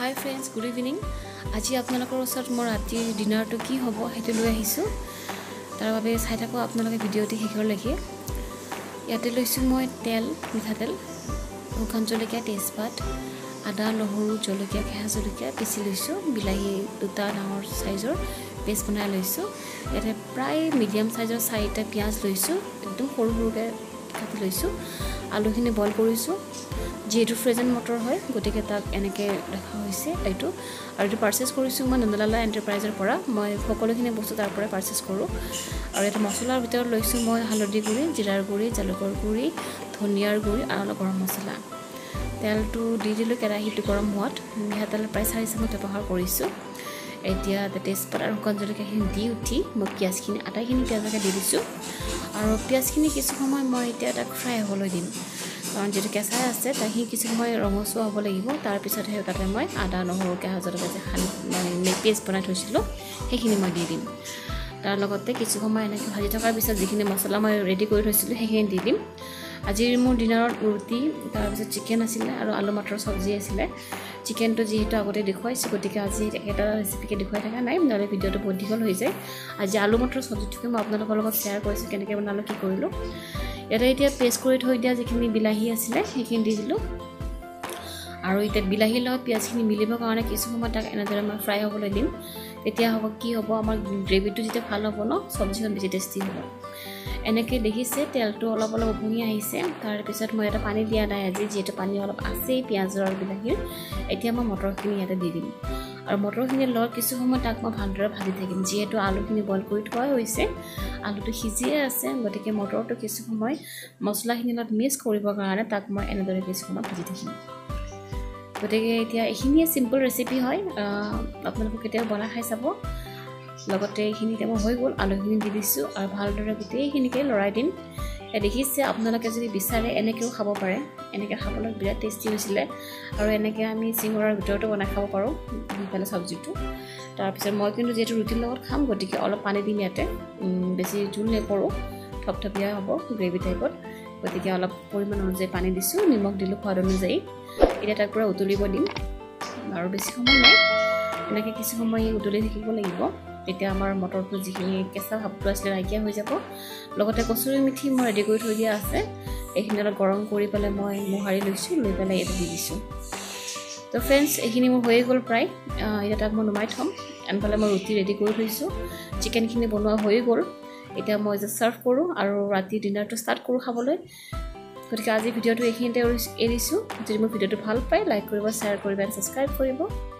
হাই friends good evening আজি আপোনালোকৰ ওচৰত মই ৰাতিৰ ডিনাৰটো কি হ'ব সেইটো লৈ আহিছোঁ তাৰ বাবে চাই থাকোঁ আপোনালোকে ভিডিঅ'টি শেষলৈকে ইয়াতে লৈছোঁ মই তেল মিঠাতেল শুকান জলকীয়া তেজপাত আদা নহৰু জলকীয়া কেঁহা জলকীয়া পিচি লৈছোঁ বিলাহী দুটা ডাঙৰ চাইজৰ পেষ্ট বনাই লৈছোঁ ইয়াতে প্ৰায় মিডিয়াম চাইজৰ চাৰিটা পিঁয়াজ লৈছোঁ একদম সৰু সৰুকৈ কাটি লৈছোঁ আলুখিনি বইল কৰিছোঁ যিহেতু ফ্ৰেজেণ্ট মটৰ হয় গতিকে তাক এনেকৈ দেখা হৈছে এইটো আৰু এইটো পাৰ্চেছ কৰিছোঁ মই নন্দলালা এণ্টাৰপ্ৰাইজৰ পৰা মই সকলোখিনি বস্তু তাৰ পৰাই পাৰ্চেছ কৰোঁ আৰু এইটো মচলাৰ ভিতৰত লৈছোঁ মই হালধি গুড়ি জিৰাৰ গুড়ি জালুকৰ গুড়ি ধনিয়াৰ গুড়ি আৰু অলপ গৰম মচলা তেলটো দি দিলোঁ কেৰাহীটো গৰম হোৱাত মিঠাতেল প্ৰায় চাৰি চামুচ ব্যৱহাৰ কৰিছোঁ এতিয়া তেজপাত আৰু অকণ জলকীয়াখিনি দি উঠি মই পিঁয়াজখিনি আটাইখিনি পিঁয়াজকে দি দিছোঁ আৰু পিঁয়াজখিনি কিছু সময় মই এতিয়া তাক ফ্ৰাই হ'বলৈ দিম কাৰণ যিটো কেঁচাই আছে তাক সি কিছু সময় ৰঙচুৱা হ'ব লাগিব তাৰপিছতহে তাতে মই আদা নহৰু কেঁহা জলকীয়া যে খালি মানে মেক পেষ্ট বনাই থৈছিলোঁ সেইখিনি মই দি দিম তাৰ লগতে কিছু সময় এনেকৈ ভাজি থকাৰ পিছত যিখিনি মচলা মই ৰেডি কৰি থৈছিলোঁ সেইখিনি দি দিম আজিৰ মোৰ ডিনাৰত ৰুটি তাৰপিছত চিকেন আছিলে আৰু আলু মাত্ৰ চব্জি আছিলে চিকেনটো যিহেতু আগতে দেখুৱাইছোঁ গতিকে আজি একেটা ৰেচিপিকে দেখুৱাই থকা নাই নহ'লে ভিডিঅ'টো বহুত দীঘল হৈ যায় আজি আলু মাটৰ চব্জিটোকে মই আপোনালোকৰ লগত শ্বেয়াৰ কৰিছোঁ কেনেকৈ বনালোঁ কি কৰিলোঁ ইয়াতে এতিয়া পেষ্ট কৰি থৈ দিয়া যিখিনি বিলাহী আছিলে সেইখিনি দি দিলোঁ আৰু এতিয়া বিলাহীৰ লগত পিঁয়াজখিনি মিলিবৰ কাৰণে কিছু সময় তাক এনেদৰে মই ফ্ৰাই হ'বলৈ দিম তেতিয়া হ'ব কি হ'ব আমাৰ গ্ৰেভিটো যেতিয়া ভাল হ'ব ন চব্জিখন বেছি টেষ্টি হ'ব এনেকৈ দেখিছে তেলটো অলপ অলপ উপঙি আহিছে তাৰপিছত মই ইয়াতে পানী দিয়া নাই আজি যিহেতু পানী অলপ আছেই পিঁয়াজৰ আৰু বিলাহীৰ এতিয়া মই মটৰখিনি ইয়াতে দি দিম আৰু মটৰখিনিৰ লগত কিছু সময় তাক মই ভালদৰে ভাজি থাকিম যিহেতু আলুখিনি বইল কৰি থোৱা হৈছে আলুটো সিজিয়ে আছে গতিকে মটৰটো কিছু সময় মছলাখিনিৰ লগত মিক্স কৰিবৰ কাৰণে তাক মই এনেদৰে কিছু সময় ভাজি থাকিম গতিকে এতিয়া এইখিনিয়ে চিম্পল ৰেচিপি হয় আপোনালোকক কেতিয়াও বনাই খাই চাব লগতে এইখিনিতে মই হৈ গ'ল আলুখিনি দি দিছোঁ আৰু ভালদৰে গোটেইখিনিকে লৰাই দিম দেখিছে আপোনালোকে যদি বিচাৰে এনেকৈও খাব পাৰে এনেকৈ খাবলৈ বিৰাট টেষ্টি হৈছিলে আৰু এনেকৈ আমি চিঙৰাৰ ভিতৰতো বনাই খাব পাৰোঁ সেইফালে চব্জিটো তাৰপিছত মই কিন্তু যিহেতু ৰুটিৰ লগত খাম গতিকে অলপ পানী দিম ইয়াতে বেছি জোল নকৰোঁ থপথপীয়া হ'ব গ্ৰেভি টাইপত গতিকে অলপ পৰিমাণ অনুযায়ী পানী দিছোঁ নিমখ দিলোঁ সোৱাদ অনুযায়ী এতিয়া তাৰ পৰা উতলিব দিম আৰু বেছি সময় নাই এনেকৈ কিছু সময় উতলি থাকিব লাগিব তেতিয়া আমাৰ মটৰটো যিখিনি কেঁচা ভাপটো আছিলে নাইকিয়া হৈ যাব লগতে কচুৰি মিঠি মই ৰেডি কৰি থৈ দিয়া আছে এইখিনি অলপ গৰম কৰি পেলাই মই মোহাৰি লৈছোঁ লৈ পেলাই এইটো দি দিছোঁ ত' ফ্ৰেণ্ডছ এইখিনি মোৰ হৈয়ে গ'ল প্ৰায় এতিয়া তাক মই নুমাই থ'ম এনফালে মই ৰুটি ৰেডি কৰি থৈছোঁ চিকেনখিনি বনোৱা হৈয়ে গ'ল এতিয়া মই যে ছাৰ্ভ কৰোঁ আৰু ৰাতি ডিনাৰটো ষ্টাৰ্ট কৰোঁ খাবলৈ গতিকে আজি ভিডিঅ'টো এইখিনিতে এৰিছোঁ যদি মোৰ ভিডিঅ'টো ভাল পায় লাইক কৰিব শ্বেয়াৰ কৰিব এণ্ড ছাবস্ক্ৰাইব কৰিব